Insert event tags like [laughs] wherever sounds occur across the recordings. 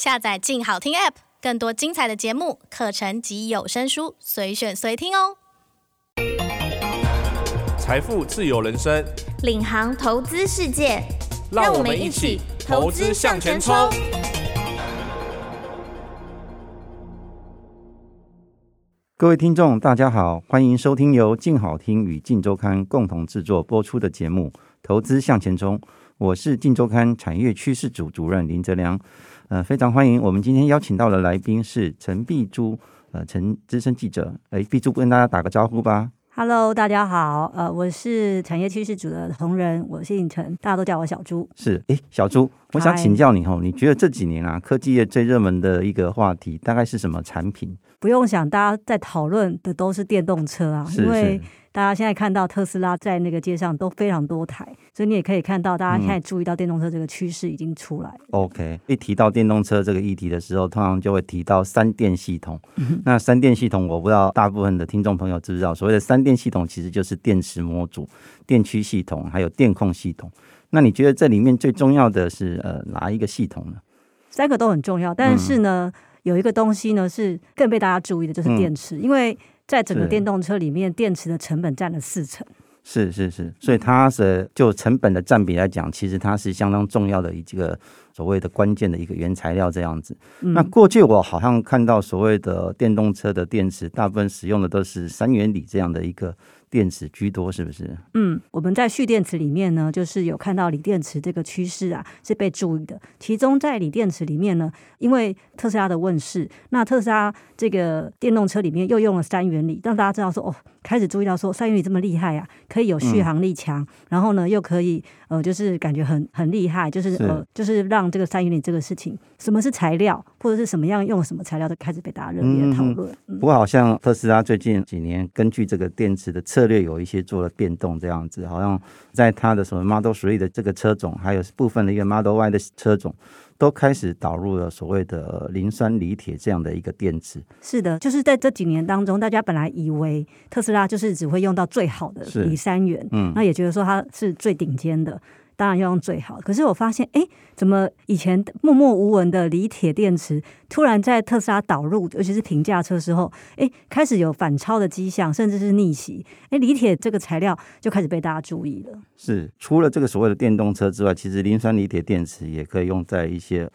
下載“今好聽 ”App，更多精彩的節目、課程及有聲書，隨選隨聽哦！財富自由人生，領航投資世界，讓我們一起投資向錢衝！錢衝，各位聽眾，大家好，歡迎收聽由“今好聽”與“今周刊”共同製作播出的節目《投資向錢衝》，我是“今周刊”產業趨勢組主，主，主，主任林哲良。呃，非常歡迎。我們今天邀請到的來賓是陳碧珠，呃，陳資深記者。哎、欸，碧珠，跟大家打個招呼吧。Hello，大家好。呃，我是產業趨勢組的同仁，我姓陳，大家都叫我小珠。是，哎、欸，小珠，我想請教你哦，你覺得這幾年啊，科技業最熱門的一個話題大概是什麼產品？不用想，大家在討論的都是電動車啊，是是因為。大家現在看到特斯拉在那個街上，都非常多台，所以你也可以看到，大家現在注意到電動車這個趨勢已經出來、嗯。OK，一提到電動車這個議題的時候，通常就會提到三電系統。那三電系統，我不知道大部分的聽眾朋友知不知道，所謂的三電系統其實就是電池模組、電驅系統還有電控系統。那你覺得這裡面最重要的是呃哪一個系統呢？三個都很重要，但是呢，嗯、有一個東西呢是更被大家注意的，就是電池，嗯、因為。在整個電動車裡面，電池的成本占了四成。是是是，是，所以它是就成本的占比來講，其實它是相當重要的一個所謂的關鍵的一個原材料這樣子。嗯。那過去我好像看到所謂的電動車的電池，大部分使用的都是三元鋰這樣的一個。電池居多是不是？嗯，我們在蓄電池裡面呢，就是有看到鋰電池這個趨勢啊，是被注意的。其中在鋰電池裡面呢，因為特斯拉的問世，那特斯拉這個電動車裡面又用了三元鋰，讓大家知道說哦，開始注意到說三元鋰這麼厲害啊，可以有續航力強，嗯、然後呢又可以呃就是感覺很很厲害，就是，是呃就是讓這個三元鋰這個事情，什麼是材料，或者是什麼樣用什麼材料都開始被大家熱烈討論，嗯嗯。不過好像特斯拉最近幾年根據這個電池的。策略有一些做了變動，這樣子好像在它的什麼 Model Three 的這個車種，還有部分的一個 Model Y 的車種，都開始導入了所謂的磷酸鋰鐵這樣的一個電池。是的，就是在這幾年當中，大家本來以為特斯拉就是只會用到最好的鋰三元，嗯，那也覺得說它是最頂尖的。當然要用最好，可是我發現，哎，怎麼以前默默無聞的鋰鐵電池，突然在特斯拉導入，尤其是平價車時候，哎，開始有反超的跡象，甚至是逆襲，哎，鋰鐵這個材料就開始被大家注意了。是，除了這個所謂的電動車之外，其實磷酸鋰鐵電池也可以用在一些。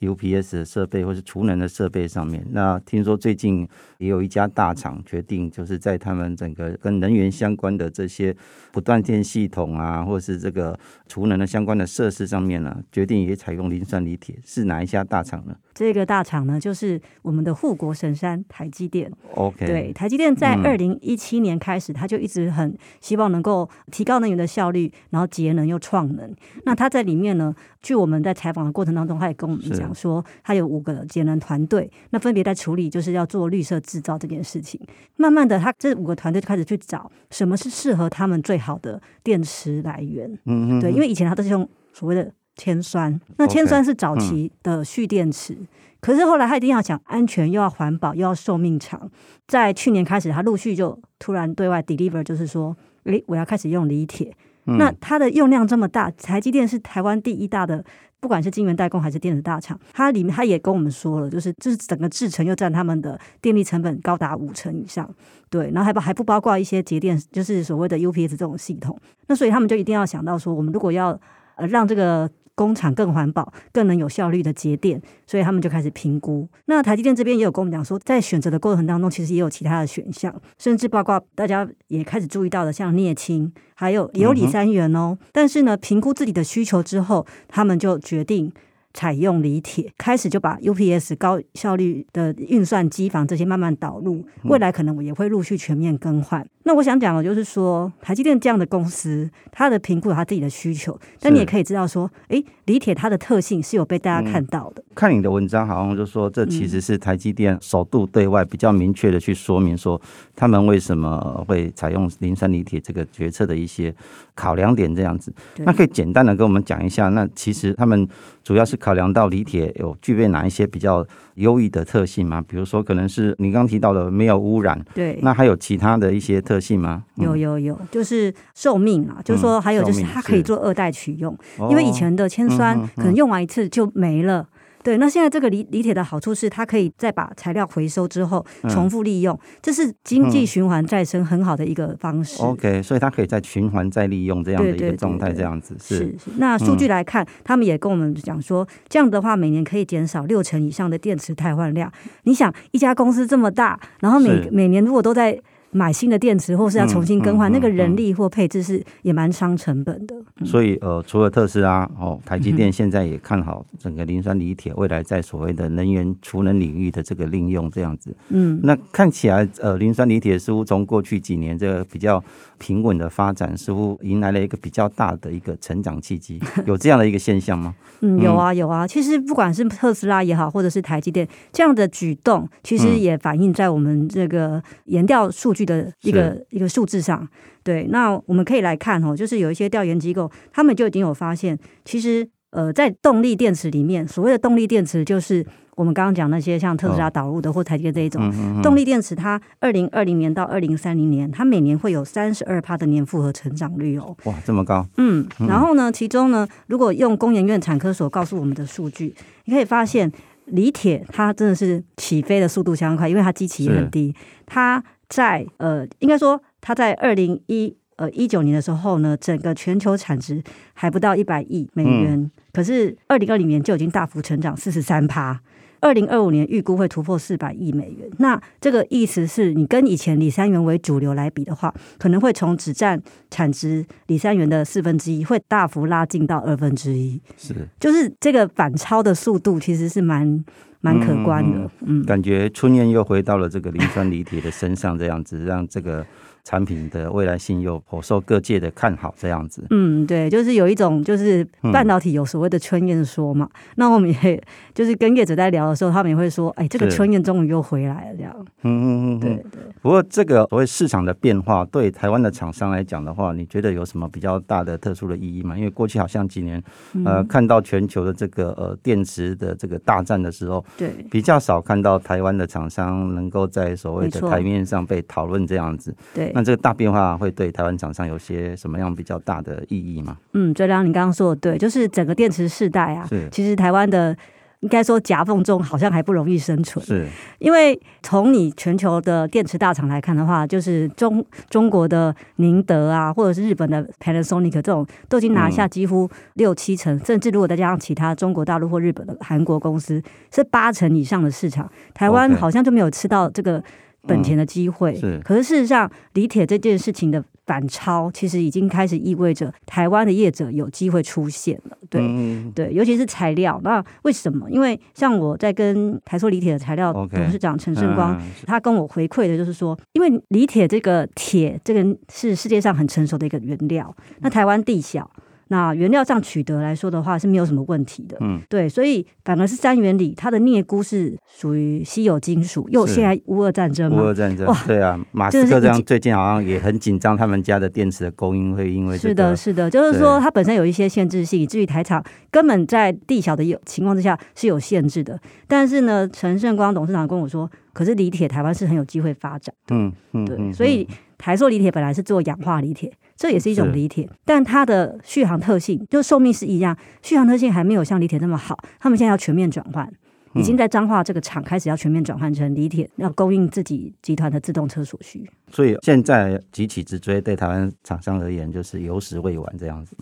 UPS 的設備或是儲能的設備上面，那聽說最近也有一家大廠決定，就是在他們整個跟能源相關的這些不斷電系統啊，或是這個儲能的相關的設施上面呢、啊，決定也採用磷酸鋰鐵。是哪一家大廠呢？這個大廠呢，就是我們的護國神山台積電。OK。對，台積電在二零一七年開始、嗯，它就一直很希望能夠提高能源的效率，然後節能又創能。那它在裡面呢，據我們在採訪的過程當中，他也跟我們講。說他有五個節能團隊，那分別在處理，就是要做綠色制造這件事情。慢慢的，他這五個團隊就開始去找什麼是適合他們最好的電池來源。嗯，嗯對，因為以前他都是用所謂的鉛酸，那鉛酸是早期的蓄電池，Okay，嗯，可是後來他一定要講安全，又要環保，又要壽命長。在去年開始，他陸續就突然對外 deliver，就是說，誒，我要開始用鋰鐵。嗯。那它的用量這麼大，台積電是台灣第一大的。不管是晶圓代工還是電子大廠，它裡面它也跟我們說了，就是就是整個製程又占他們的電力成本高達五成以上，對，然後還不還不包括一些節電，就是所謂的 UPS 這種系統，那所以他們就一定要想到說，我們如果要呃讓這個。工廠更環保、更能有效率的節點，所以他們就開始評估。那台積電這邊也有跟我們講說，在選擇的過程當中，其實也有其他的選項，甚至包括大家也開始注意到的，像鎳氫，還有也有鋰三元哦、喔嗯。但是呢，評估自己的需求之後，他們就決定採用鋰鐵，開始就把 UPS 高效率的運算機房這些慢慢導入，未來可能我也會陸續全面更換。那我想講的，就是說台積電這樣的公司，它的評估它自己的需求，但你也可以知道說，誒，鋰鐵它的特性是有被大家看到的。嗯、看你的文章，好像就說這其實是台積電首度對外比較明確的去說明說，說、嗯、他們為什麼會採用磷酸鋰鐵這個決策的一些考量點這樣子。那可以簡單的跟我們講一下，那其實他們主要是考量到鋰鐵有具備哪一些比較。優異的特性嗎？比如說，可能是你剛提到的沒有污染。對，那還有其他的一些特性嗎？有有有，就是壽命啊，嗯、就是說還有就是它可以做二代取用，嗯、因為以前的鉛酸可能用完一次就沒了。哦嗯嗯嗯對，那現在這個鋰鋰鐵的好處是，它可以再把材料回收之後重複利用。嗯，這是經濟循環再生很好的一個方式。嗯、OK，所以它可以再循環再利用這樣的一個狀態，對對對對對這樣子是，是，是。那數據來看，嗯，他們也跟我們講說，這樣的話每年可以減少六成以上的電池汰換量。你想，一家公司這麼大，然後每每年如果都在。買新的電池或是要重新更換，嗯嗯嗯嗯，那個人力或配置是也蠻傷成本的。嗯、所以呃，除了特斯拉，哦，台積電現在也看好整個磷酸鋰鐵未來在所謂的能源儲能領域的這個利用，這樣子。嗯，那看起來呃，磷酸鋰鐵似乎從過去幾年這個比較平穩的發展，似乎迎來了一個比較大的一個成長契機。 [laughs] 有這樣的一個現象嗎？嗯，有啊，有啊。嗯、其實不管是特斯拉也好，或者是台積電這樣的舉動，其實也反映在我們這個研調數據。的一個一個數字上，對，那我們可以來看哦，就是有一些調研機構，他們就已經有發現，其實呃，在動力電池裡面，所謂的動力電池就是我們剛剛講那些像特斯拉導入的或台積這一種、哦、嗯嗯嗯動力電池，它二零二零年到二零三零年，它每年會有三十二趴的年複合成長率哦。哇，這麼高！嗯，然後呢，嗯嗯其中呢，如果用工研院產科所告訴我們的數據，你可以發現鋰鐵它真的是起飛的速度相當快，因為它基期也很低，它。在呃，應該說，它在二零一呃一九年的時候呢，整個全球產值還不到一百億美元。可是二零二零年就已經大幅成長四十三趴。二零二五年預估會突破四百億美元。那這個意思是你跟以前鋰三元為主流來比的話，可能會從只佔產值鋰三元的四分之一，會大幅拉近到二分之一。是。就是這個反超的速度其實是蠻。蠻可觀的，嗯嗯，感覺春燕又回到了這個磷酸鋰鐵的身上，這樣子 [laughs] 讓這個。產品的未來性又頗受各界的看好，這樣子。嗯，對，就是有一種就是半導體有所謂的春燕說嘛、嗯，那我們也就是跟業者在聊的時候，他們也會說，哎、欸，這個春燕終於又回來了這樣。嗯嗯嗯，對。不過這個所謂市場的變化，對台灣的廠商來講的話，你覺得有什麼比較大的特殊的意義嗎？因為過去好像幾年，嗯、呃，看到全球的這個呃電池的這個大戰的時候，對，比較少看到台灣的廠商能夠在所謂的台面上被討論這樣子。對。這個大變化會對台灣廠商有些什麼樣比較大的意義嗎？嗯，就像你剛剛說的對，就是整個電池世代啊，其實台灣的應該說夾縫中好像還不容易生存，是因為從你全球的電池大廠來看的話，就是中中國的寧德啊，或者是日本的 Panasonic 這種都已經拿下幾乎六七成，嗯，甚至如果再加上其他中國大陸或日本的韓國公司，是八成以上的市場，台灣好像就沒有吃到這個。Okay. 本錢的機會、嗯，可是事實上，鋰鐵這件事情的反超，其實已經開始意味着台灣的業者有機會出現了。對、嗯、對，尤其是材料。那為什麼？因為像我在跟台塑鋰鐵的材料董事長陳勝光、Okay. 嗯，他跟我回饋的就是說，因為鋰鐵這個鐵這個是世界上很成熟的一個原料，那台灣地小。嗯嗯那原料上取得來說的話是沒有什麼問題的，嗯，對，所以反而是三元鋰，它的鎳鈷是屬於稀有金屬，又現在烏俄戰爭嘛，烏俄戰爭，對啊，馬斯克這樣最近好像也很緊張，他們家的電池的供應會因為、這個、是的，是的，就是說它本身有一些限制性，至於台廠根本在地小的情況之下是有限制的，但是呢，陳勝光董事長跟我說，可是鋰鐵台灣是很有機會發展的，嗯嗯，對，所以。嗯台塑鋰鐵本來是做氧化鋰鐵，這也是一種鋰鐵，但它的續航特性就壽命是一樣，續航特性還沒有像鋰鐵那麼好。他們現在要全面轉換，已經在彰化這個廠開始要全面轉換成鋰鐵，要供應自己集團的自動車所需。所以現在急起直追，對台灣廠商而言就是為時未晚這樣子，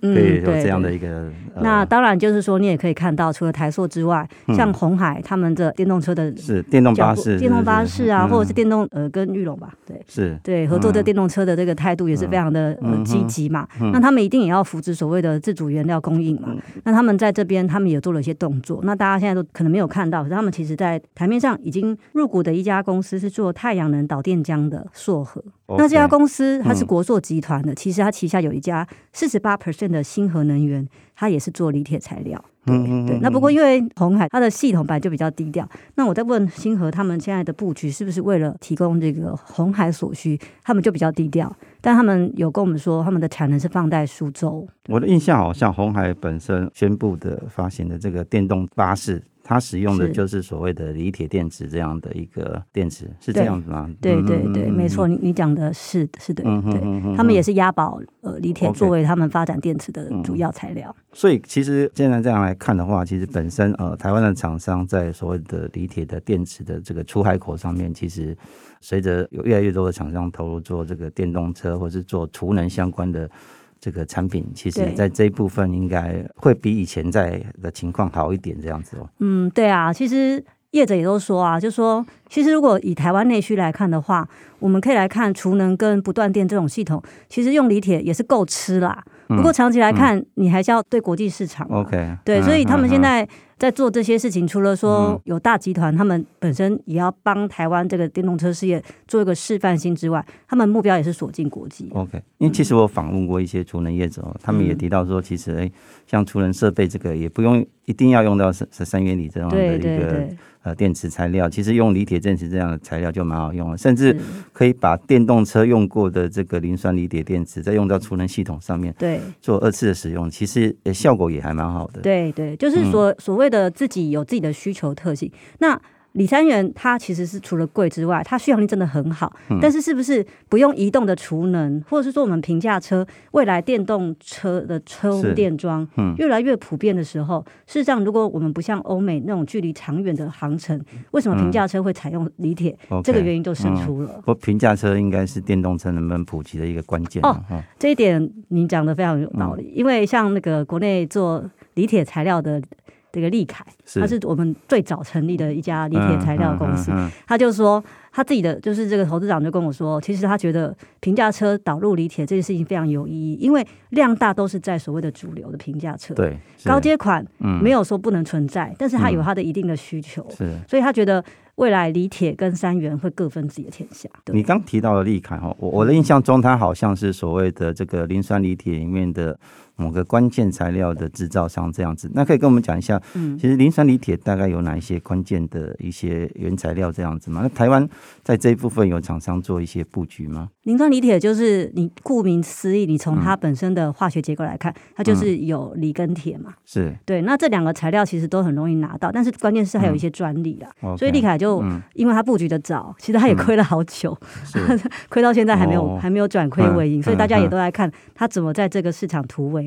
對有這樣的一個。嗯、那當然就是說，你也可以看到，除了台塑之外，像鴻海他們的電動車的，是電動巴士、電動巴士啊，或者是電動、嗯、呃跟裕隆吧，對，是，對合作的電動車的這個態度也是非常的、嗯呃、積極嘛、嗯。那他們一定也要扶持所謂的自主原料供應嘛。嗯、那他們在這邊，他們也做了一些動作。那大家現在都可能沒有看到，他們其實在台面上已經入股的一家公司是做太陽能導電漿的。碩禾， [noise] 那這家公司它是國碩集團的、okay. 嗯，其實它旗下有一家四十八 percent 的星禾能源，它也是做鋰鐵材料。嗯，嗯，嗯，對。那不過因為鴻海它的系統本來就比較低調，那我在問星禾他們現在的布局是不是為了提供這個鴻海所需，他們就比較低調。但他們有跟我們說，他們的產能是放在蘇州。我的印象好像鴻海本身宣布的發行的這個電動巴士。它使用的就是所謂的鋰鐵電池這樣的一個電池，是,是這樣子嗎？對對對，嗯、沒錯，你你講的是是的，對、嗯嗯嗯，他們也是押寶呃鋰鐵作為他們發展電池的主要材料。Okay. 嗯、所以其實現在這樣來看的話，其實本身呃台灣的廠商在所謂的鋰鐵的電池的這個出海口上面，其實隨着有越來越多的廠商投入做這個電動車或是做儲能相關的。這個產品其實，在這一部分應該會比以前在的情況好一點，這樣子哦。嗯，對啊，其實業者也都說啊，就說其實如果以台灣內需來看的話，我們可以來看儲能跟不斷電這種系統，其實用鋰鐵也是夠吃啦。不過長期來看，嗯、你還是要對國際市場。OK，嗯，對，嗯，所以他們現在。嗯嗯嗯在做這些事情，除了說有大集團，他們本身也要幫台灣這個電動車事業做一個示範性之外，他們目標也是鎖進國際。OK，因為其實我訪問過一些儲能業者哦、嗯，他們也提到說，其實誒像儲能設備這個也不用。一定要用到三三元鋰這樣的一個呃電池材料，其實用鋰鐵電池這樣的材料就蠻好用了，甚至可以把電動車用過的這個磷酸鋰鐵電池再用到儲能系統上面，對，做二次的使用，其實呃效果也還蠻好的，嗯。對對，就是所所謂的自己有自己的需求特性。那。鋰三元它其實是除了貴之外，它續航力真的很好。嗯、但是是不是不用移動的儲能，或者是說我們平價車未來電動車的充電樁、嗯、越來越普遍的時候，事實上如果我們不像歐美那種距離長遠的航程，為什麼平價車會採用鋰鐵、嗯？這個原因就勝出了。嗯、不，平價車應該是電動車能不能普及的一個關鍵、啊哦。這一點您講得非常有道理、嗯。因為像那個國內做鋰鐵材料的。這個立凱，他是我們最早成立的一家鋰鐵材料公司。他、嗯嗯嗯嗯、就說，他自己的就是這個投資長就跟我說，其實他覺得平價車導入鋰鐵這件事情非常有意義，因為量大都是在所謂的主流的平價車。對，高階款沒有說不能存在，嗯、但是他有他的一定的需求、嗯。是，所以他覺得未來鋰鐵跟三元會各分自己的天下。對，你剛提到的立凱哈，我我的印象中，他好像是所謂的這個磷酸鋰鐵裡面的。某個關鍵材料的製造商這樣子，那可以跟我們講一下，嗯，其實磷酸鋰鐵大概有哪一些關鍵的一些原材料這樣子嗎？那台灣在這一部分有廠商做一些布局嗎？磷酸鋰鐵就是你顧名思義，你從它本身的化學結構來看、嗯，它就是有鋰跟鐵嘛，是對。那這兩個材料其實都很容易拿到，但是關鍵是還有一些專利啦，嗯、okay, 所以立凱就因為它布局的早、嗯，其實它也虧了好久，是 [laughs] 虧到現在還沒有、哦、還沒有轉虧為盈、嗯嗯嗯，所以大家也都在看它怎麼在這個市場突圍。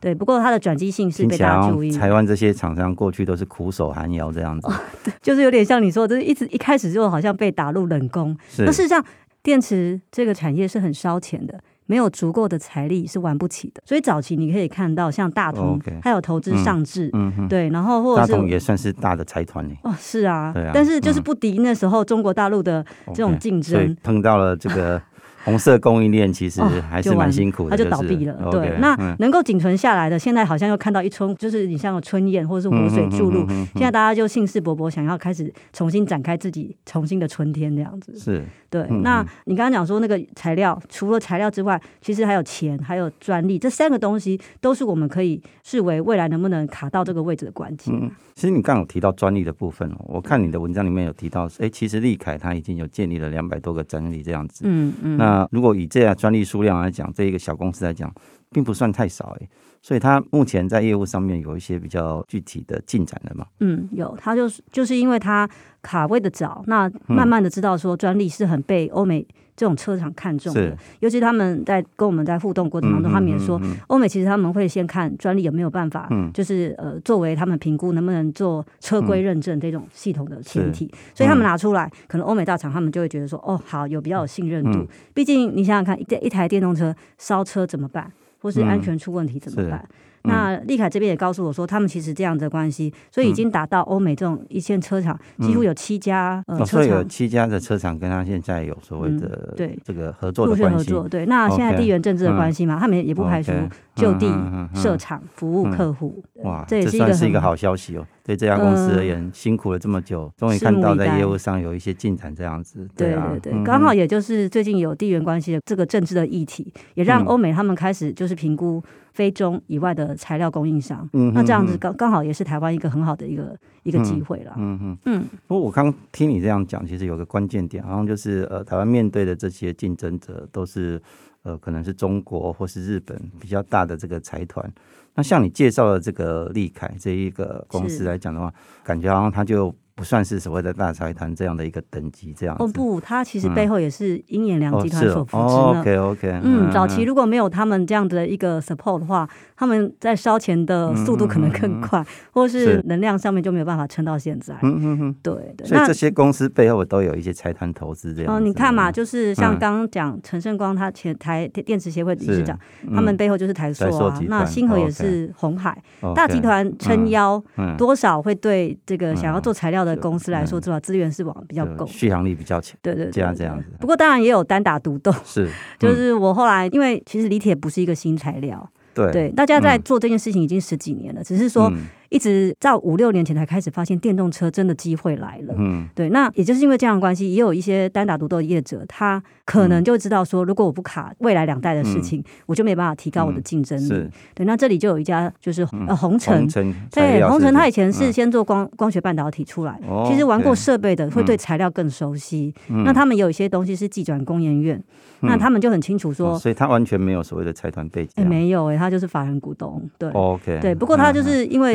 對，不過它的轉機性是被大家注意、哦。台灣這些廠商過去都是苦守寒窯這樣子、oh,，就是有點像你說的，就是一直一開始就好像被打入冷宮。那事實上，電池這個產業是很燒錢的，沒有足夠的財力是玩不起的。所以早期你可以看到，像大同，okay. 還有投資上智、嗯嗯，對，然後或者是大同也算是大的財團呢。哦、oh,，是啊，對啊，但是就是不敵那時候中國大陸的這種競爭，okay. 所以碰到了這個。 [laughs] 紅色供應鏈其實還是蠻辛苦的、就是哦，它就倒閉了。對，嗯對嗯、那能夠僅存下來的，現在好像又看到一春，就是你像有春燕或者是活水注入、嗯嗯嗯嗯，現在大家就興致勃勃想要開始重新展開自己，重新的春天這樣子。是，對。嗯、那你剛剛講說那個材料，除了材料之外，其實還有錢，還有專利，這三個東西都是我們可以視為未來能不能卡到這個位置的關鍵。嗯。其實你剛剛提到專利的部分，我看你的文章裡面有提到，哎、欸，其實立凱他已經有建立了兩百多個專利這樣子。嗯嗯。那、呃、如果以這樣專利數量來講，這一個小公司來講，並不算太少誒，所以它目前在業務上面有一些比較具體的進展了嗎？嗯，有，他就是就是因為他卡位的早，那慢慢的知道說專利是很被歐美。嗯這種車廠看重的，尤其他們在跟我們在互動過程當中，他們也說，歐、嗯嗯嗯、美其實他們會先看專利，有沒有辦法，嗯、就是呃作為他們評估能不能做車規認證這種系統的前提、嗯，所以他們拿出來，可能歐美大廠他們就會覺得說，哦好，有比較有信任度，畢、嗯、竟你想想看，一，一台電動車燒車怎麼辦，或是安全出問題怎麼辦？嗯嗯、那立凱這邊也告訴我說，他們其實這樣的關係，所以已經達到歐美這種一線車廠、嗯，幾乎有七家、嗯、呃、哦、車廠，所以有七家的車廠跟他現在有所謂的、嗯、對這個合作的關係合作。對，那現在地緣政治的關係嘛、嗯，他們也不排除就地設廠服務客戶、嗯嗯嗯嗯。哇、呃，這也是一個，算是一個好消息哦、喔。對這家公司而言，嗯、辛苦了這麼久，終於看到在業務上有一些進展，這樣子。對、啊嗯、對，對對，剛好也就是最近有地緣關係的這個政治的議題，嗯、也讓歐美他們開始就是評估。非洲以外的材料供應商，嗯、哼哼那這樣子剛剛好也是台灣一個很好的一個一個機會了。嗯嗯嗯。不過我剛聽你這樣講，其實有個關鍵點，好像就是呃，台灣面對的這些競爭者都是呃，可能是中國或是日本比較大的這個財團。那像你介紹的這個立凱這一個公司來講的話，感覺好像他就。不算是所謂的大財團這樣的一個等級這樣子。哦不，它其實背後也是鷹眼良集團所扶持的。OK OK，嗯，嗯，早期如果沒有他們這樣的一個 support 的話，嗯、他們在燒錢的速度可能更快、嗯嗯，或是能量上面就沒有辦法撐到現在。嗯嗯嗯，對，那所這些公司背後都有一些財團投資這樣。哦、嗯，你看嘛，就是像剛剛講陳勝光，他前台電池協會理事長、嗯，他們背後就是台碩啊台塑。那星河也是鴻海 okay, okay, 大集團撐腰、嗯嗯，多少會對這個想要做材料、嗯。嗯的、嗯、公司來說，至少資源是往比較夠、嗯，續航力比較強，對，對對，這樣這樣子。不過當然也有單打獨鬥，是、嗯，就是我後來，因為其實鋰鐵不是一個新材料，對，對嗯、對大家在做這件事情已經十幾年了，只是說。嗯一直到五六年前才開始發現電動車真的機會來了。嗯，對。那也就是因為這樣的關係，也有一些單打獨鬥的業者，他可能就知道說、嗯，如果我不卡未來兩代的事情、嗯，我就沒辦法提高我的競爭力、嗯。對。那這裡就有一家，就是、嗯、呃紅城、呃。對，紅城他以前是先做光、嗯、光學半導體出來，哦、其實玩過設備的，會對材料更熟悉、嗯。那他們有一些東西是技轉工研院、嗯，那他們就很清楚說，哦、所以他完全沒有所謂的財團背景。沒有哎、欸，他就是法人股東。對、哦。OK。對。不過他就是因為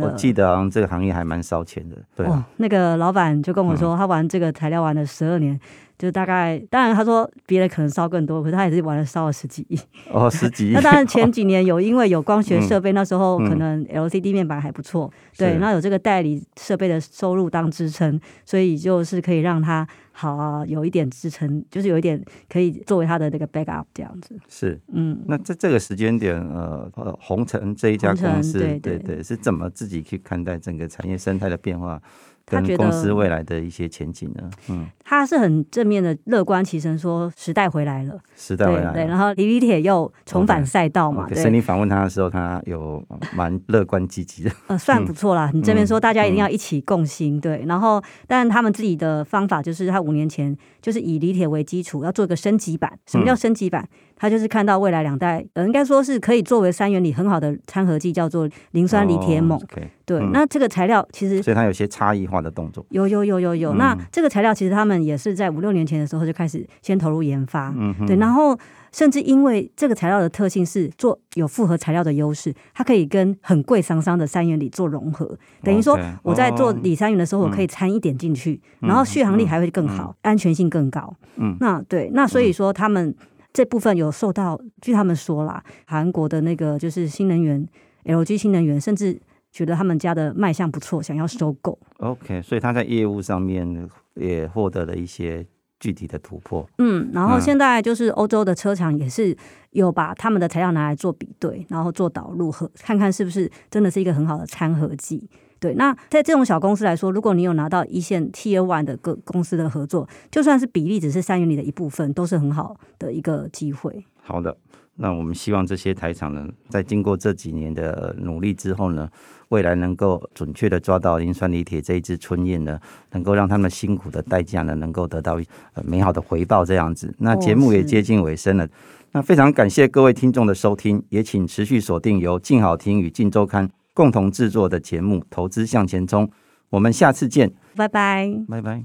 我，我記得，好像這個行業還蠻燒錢的。對、啊哦，那個老闆就跟我說、嗯，他玩這個材料玩了十二年。就大概，當然他說別的可能燒更多，可是他也是玩了燒了十幾億哦，十幾億。 [laughs] 那當然前幾年有因為有光學設備、嗯，那時候可能 LCD 面板還不錯、嗯，對。那有這個代理設備的收入當支撐，所以就是可以讓他好、啊、有一點支撐，就是有一點可以作為他的那個 backup 這樣子。是，嗯。那在這個時間點，呃呃，紅塵這一家公司，紅塵對對對,對，是怎麼自己去看待整個產業生態的變化？跟公司未來的一些前景呢？嗯，他是很正面的樂觀其成，說時代回來了，時代回來了。對對，然後鋰鋰鐵又重返賽道嘛？所、okay. 以、okay. 你訪問他的時候，他有蠻樂觀積極的。 [laughs] 呃，算不錯啦，你這邊說、 [laughs] 嗯、大家一定要一起共心對。然後，但他們自己的方法就是，他五年前就是以鋰鐵為基礎，要做一個升級版。嗯、什麼叫升級版？他就是看到未來兩代，呃、應該說是可以作為三元鋰很好的摻合劑，叫做磷酸鋰鐵錳。Oh, okay. 對、嗯，那這個材料其實，所以它有些差異化的動作。有有有有有、嗯。那這個材料其實他們也是在五六年前的時候就開始先投入研發。嗯。對，然後甚至因為這個材料的特性是做有複合材料的優勢，它可以跟很貴桑桑的三元鋰做融合，等於說我在做鋰三元的時候，我可以摻一點進去、嗯，然後續航力還會更好、嗯，安全性更高。嗯。那對，那所以說他們。這部分有受到，據他們說啦，韓國的那個就是新能源 LG 新能源，甚至覺得他們家的賣相不錯，想要收購。OK，所以他在業務上面也獲得了一些具體的突破。嗯，然後現在就是歐洲的車廠也是有把他們的材料拿來做比對，然後做導入和看看是不是真的是一個很好的摻合劑。對，那在這種小公司來說，如果你有拿到一線 Tier One 的各公司的合作，就算是比例只是三元裡的一部分，都是很好的一個機會。好的，那我們希望這些台廠呢，在經過這幾年的努力之後呢，未來能夠準確地抓到磷酸鋰鐵這一隻春燕呢，能夠讓他們辛苦的代價呢，能夠得到美好的回報。這樣子，那節目也接近尾聲了。哦，那非常感謝各位聽眾的收聽，也請持續鎖定由鏡好聽與鏡週刊共同製作的節目《投資向錢衝》，我們下次見，拜拜，拜拜。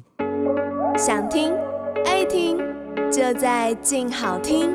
想聽愛聽，就在鏡好聽。